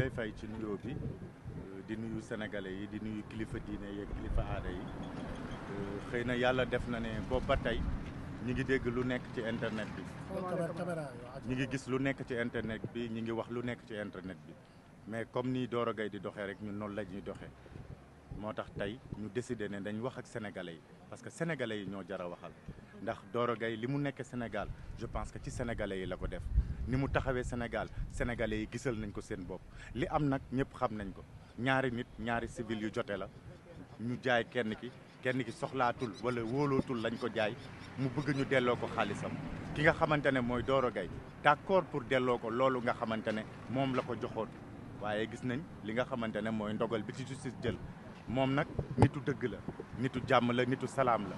lay fay ci nuyoo bi euh, di nuyu sénégalais yi di nuyu kilifa diine yi ak kilifa aada yi euh, xëy na yàlla def na ne boobu ba tey ñi ngi dégg lu nekk ci internet bi ñi ngi gis lu nekk ci internet bi ñi ngi wax lu nekk ci internet bi mais comme ni Doro Gaye di doxee rek ñun noonu la ñuy doxee moo tax tey ñu décidé ne dañ wax ak sénégalais yi parce que sénégalais yi ñoo jar a waxal ndax Doro Gaye li mu nekk Sénégal je pense que ci sénégalais yi la ko def ni mu taxawee Sénégal sénégalais yi gisal nañ ko seen bopp li am nag ñëpp xam nañ ko ñaari nit ñaari civil yu jote la ñu jaay kenn ki kenn ki soxlaatul wala wóolootul lañ ko jaay mu bëgg ñu delloo ko xaalisam ki nga xamante ne mooy Doro Gaye d'accord pour delloo ko loolu nga xamante ne moom la ko joxoon waaye gis nañ li nga xamante ne mooy ndogal bi ci justice jël moom nag nitu dëgg la nitu jàmm la nitu salaam la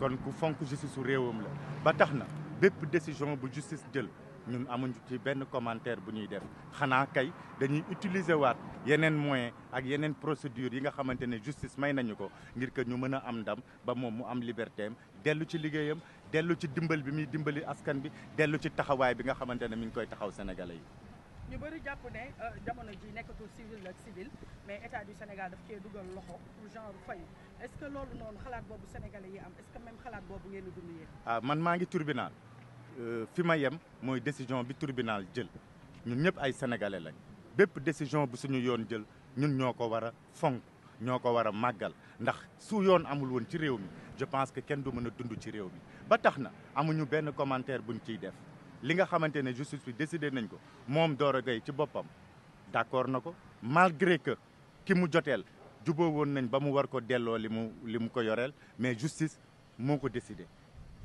kon ku fonk justice su réewam la ba tax na bépp décision bu justice jël ñun amuñ ci benn commentaire bu ñuy def xanaa kay dañuy utilise waat yeneen moyen ak yeneen procédure yi nga xamante ne justice may nañu ko ngir que ñu mën a am ndam ba moom mu am liberteem dellu ci liggéeyam dellu ci dimbal bi muy dimbali askan bi dellu ci taxawaay bi nga xamante ne mi ngi koy taxaw sénégalais yi. ñu bëri jàpp ne euh, jamono ji nekkatul civil ak civil mais état du Sénégal daf cee dugal loxo pour genre fayu est-ce que loolu noonu xalaat boobu ah, man maa ngi tribunal Euh, fi ma yem mooy décision bi tribunal jël ñun ñëpp ay sénégalais lañ bépp décision bu suñu yoon jël ñun ñoo ko war a fonk ñoo ko war a màggal ndax su yoon amul woon ci réew mi je pense que kenn du mën a dund ci réew mi ba tax na amuñu benn commentaire buñ ciy def li nga xamante ne justice bi décidé nañ ko moom Doro Gaye ci boppam d'accord na ko malgré que ki mu joteel juboo woon nañ ba mu war ko delloo li mu li mu ko yoreel mais justice moo ko décidé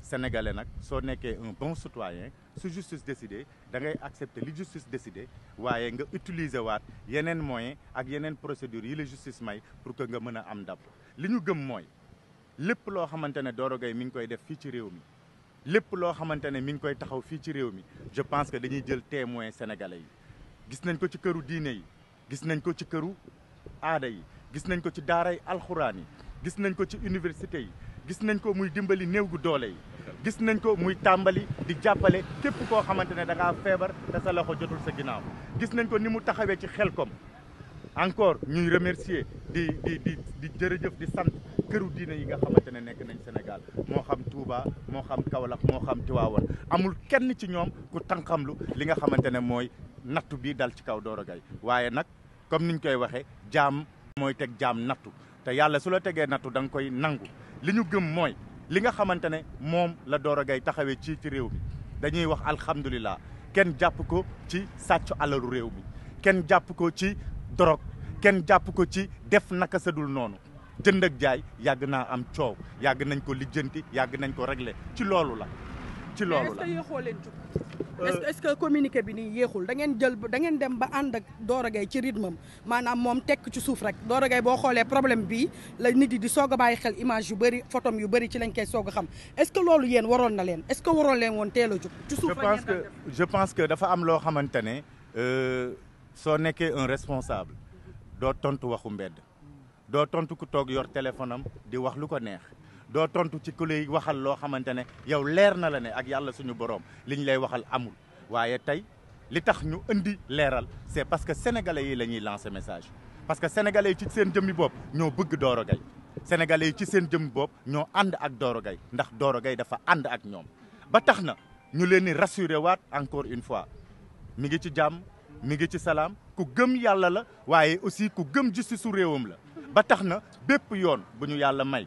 sénégalais nak so nekké un bon citoyen su justice décidé da ngay accepter li justice décidé waaye nga utiliser wat yenen moyens ak yenen procédures yi la justice may pour que nga mën am dab liñu gëm moy lepp lo xamante ne Doro Gaye mi ngi koy def fi ci réew mi lepp lo xamante mi ngi koy taxaw fi ci réew mi je pense que dañuy jël témoin sénégalais yi gis nañ ko ci këru diiné yi gis nañ ko ci këru aada yi gis nañ ko ci daaray alxuraan yi gis nañ ko ci université yi gis nañ ko muy dimbali néew gu doole yi gis nañ ko muy tambali di jàppale képp ko xamante da nga feebar te sa loxo jotul sa ginnaaw gis nañ ko ni mu taxawé ci xelkom encore ñuy remercier di di di di jërëjëf di sante këru diiné yi nga xamante nek nañ Sénégal mo xam Touba mo xam Kaolack mo xam Tiwawal amul kenn ci ñoom ku tankamlu li nga xamante moy nattu bi dal ci kaw dooro gay waaye nak comme niñ koy waxé jam moy tek jam nattu te yalla su la tegee nattu dang koy nangu li ñu gëm moy li nga xamante ne moom la Doro Gaye taxawee ci ci réew mi dañuy wax alhamdulilah kenn jàpp ko ci sàcc alalu réew mi kenn jàpp ko ci dorog kenn jàpp ko ci def naka noonu jënd jaay yàgg naa am coow yàgg nañ ko lijjanti yàgg nañ ko régler ci loolu la. ci loolu la Euh, est ce que communiqué bi ni yéexul da ngeen jël da ngeen dem ba ànd ak Doro Gaye ci rythme manam mom tek ci souf rek Doro Gaye boo xoolee problème bi la nit di soga baye xel image yu bëri photom yu bëri ci lañ koy soga xam est ce que lolu yeen waroon na len est ce que waroon len won télo ci souf je pense que je pense que dafa am lo xamantene euh so nekkee un responsable do tontu waxu mbedd do tontu ku tok yor téléphone am di wax lu ko neex do tontu ci ku lay waxal lo xamantene yow leer na la ne ak yalla suñu borom liñ lay waxal amul waye tay li tax ñu indi léral c'est parce que sénégalais yi lañuy lancer message parce que sénégalais yi ci seen jëmmi bop ño bëgg Doro gay sénégalais yi ci seen jëmmi bop ño and ak Doro gay ndax Doro gay dafa and ak ñom ba taxna ñu leen rassurer waat encore une fois mi ngi ci jàmm mi ngi ci salam ku gëm yalla la waye aussi ku gëm justice su réewam la ba taxna na yoon bu ñu may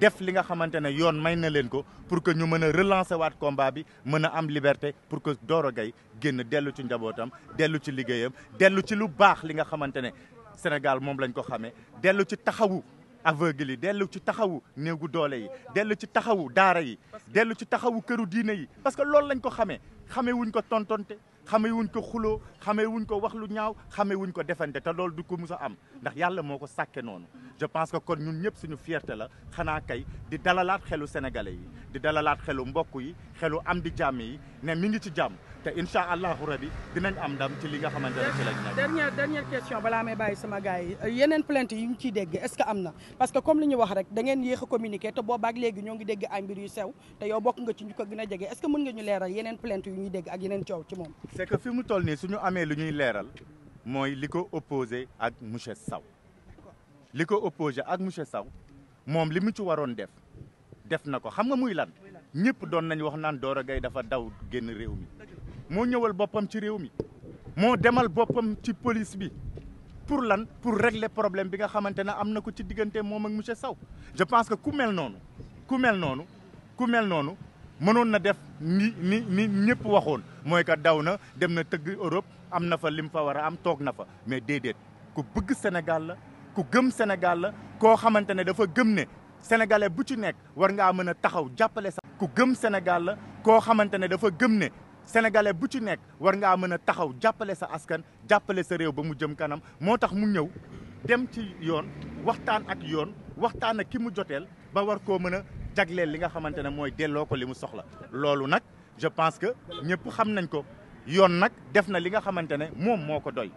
def li nga xamante ne yoon may na leen ko pour que ñu mën a relancer waat combat bi mën a am liberté pour que dooro Gaye génn dellu ci njabootam dellu ci liggéeyam dellu ci lu baax li nga xamante ne Sénégal moom lañ ko xamee dellu ci taxawu aveugle yi dellu ci taxawu néegu doole yi dellu ci taxawu daara yi dellu ci taxawu këru diine yi parce que loolu lañ ko xamee xamee wuñ ko tontonte xamee wuñ ko xuloo xamee wuñ ko wax lu ñaaw xamee wuñ ko defante té loolu du ko mus am ndax yalla moko saké non je pense que kon ñun ñëpp suñu fierté la xana kay di dalalaat xelu sénégalais yi di dalalaat xelu mbokk yi xelu am di jamm yi né mi ngi ci jamm te incha allahu rabi dinañ am ndam ci li nga xamante ne ci lañ nekk. question balaa may bàyyi sama gars yi euh, yeneen plainte yu ñu ciy dégg est-ce que am na parce que comme li ñu wax rek da ngeen yéex a communiqué te boobaak léegi ñoo ngi dégg ay mbir yu sew te yow bokk nga ci ñu ko gën a jege est mën nga ñu leeral yeneen plainte yu ñuy dégg ak yeneen coow ci moom. c'est mu toll nii suñu amee lu ñuy leeral mooy li ko opposé ak monsieur Sow li ko opposé ak monsieur Sow moom li mu ci waroon def def na ko xam nga muy lan ñëpp doon nañ wax naan Doro Gaye dafa daw génn réew mi mo ñëwal bopam ci réew mi mo demal bopam ci police bi pour lan pour régler problème bi nga xamanté na am ko ci digënté mom ak monsieur saw je pense que ku mel noonu ku mel noonu ku mel mënon na def ni ni ni ñëpp waxoon moy ka dawna dem na teug Europe am fa lim fa wara am tok na fa mais dédét ku bëgg Sénégal la ku gëm Sénégal la ko xamanté ne dafa gëm né sénégalais bu ci nekk war nga mëna taxaw jappalé sax ku gëm Sénégal la ko xamanté ne dafa gëm né sénégalais bu ci nekk war ngaa mën a taxaw jàppale sa askan jàppale sa réew ba mu jëm kanam moo tax mu ñëw dem ci yoon waxtaan ak yoon waxtaan ak ki mu joteel ba war koo mën a jagleel li nga xamante ne mooy delloo ko li mu soxla loolu nag je pense que ñëpp xam nañ ko yoon nag def na li nga xamante ne moom moo ko doy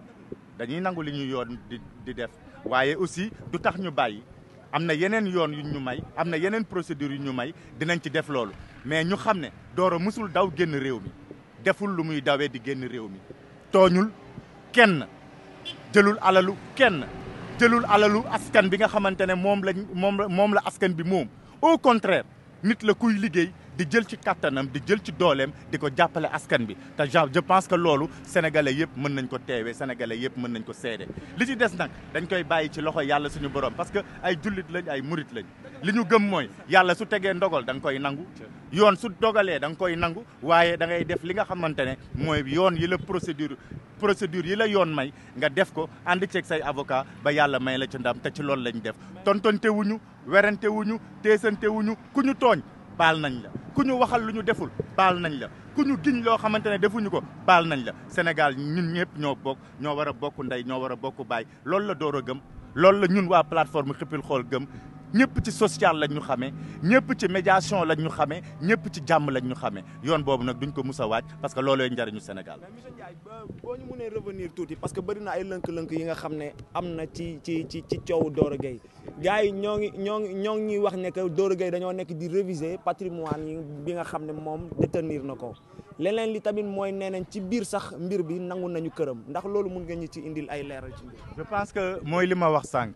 dañuy nangu li ñu yoon di di def waaye aussi du tax ñu bàyyi am na yeneen yoon yu ñu may am na yeneen procédure yu ñu may dinañ ci def loolu mais ñu xam ne Doro musul daw génn réew mi deful lu muy dawee di génn réew mi tooñul kenn jëlul alalu kenn jëlul alalu askan bi nga xamante ne moom lañ moom la moom la askan bi moom o contraire nit la kuy liggéey di jël ci kattanam di jël ci dooleem di ko jàppale askan bi te je pense que loolu sénégalais yëpp mën nañ ko teewee sénégalais yëpp mën nañ ko seede li si des nag dañ koy bàyyi ci loxo yàlla suñu borom parce que ay jullit lañ ay murit lañ li ñu gëm mooy yàlla su tegee ndogal dañ koy nangu yoon su dogalee danga koy nangu waaye dangay def li nga xamante ne mooy yoon yi la procédure procédure yi la yoon may nga def ko ànd ceeg say avocat ba yàlla may la ci ndam te ci loolu lañ def tontonte wuñu werante te teesante wuñu ku ñu tooñ baal nañ la ku ñu waxal lu ñu deful baal nañ la ku ñu giñ loo xamante ne defuñu ko baal nañ la Sénégal ñun ñëpp ñoo bokk ñoo war a bokk ndey ñoo war a bokk baay loolu la door gëm loolu la ñun waa plateforme Xippil Xool gëm ñëpp ci social lañ ñu xamé ñëpp ci médiation lañ ñu xamé ñëpp ci jamm lañ ñu xamé yoon bobu nak duñ ko mus a parce que loolu loolooy njëriñu Sénégal. bo ñu mënee revenir touti parce que bari na ay lënk-lënk yi nga xamné amna ci ci ci ci ciow Doro gay gars yi ñoo ñi ñoo ngi wax ne que Doro Gueye dañoo nekk di réviser patrimoine yi bi nga xamné mom détenir nako ko leneen li tamit mooy nee ci biir sax mbir bi nangu nañu këram ndax loolu mun nga ñu ci indil ay leeral ci mbir. je pense que mooy li ma wax sànq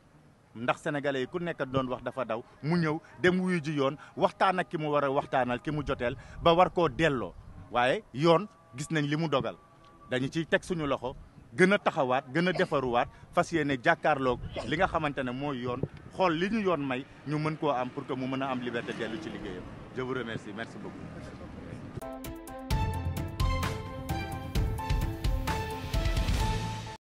ndax sénégalais yi ku nekk doon wax dafa daw mu ñëw dem wuyu ji yoon waxtaan ak ki mu war a waxtaanal ki mu joteel ba war koo delloo waaye yoon gis nañ li mu dogal dañu ciy teg suñu loxo gën a taxawaat gën a defaruwaat fas yéene jàkkaarloog li nga xamante ne mooy yoon xool li ñu yoon may ñu mën koo am pour que mu mën a am liberté dellu ci liggéeyam je vous remercie merci beaucoup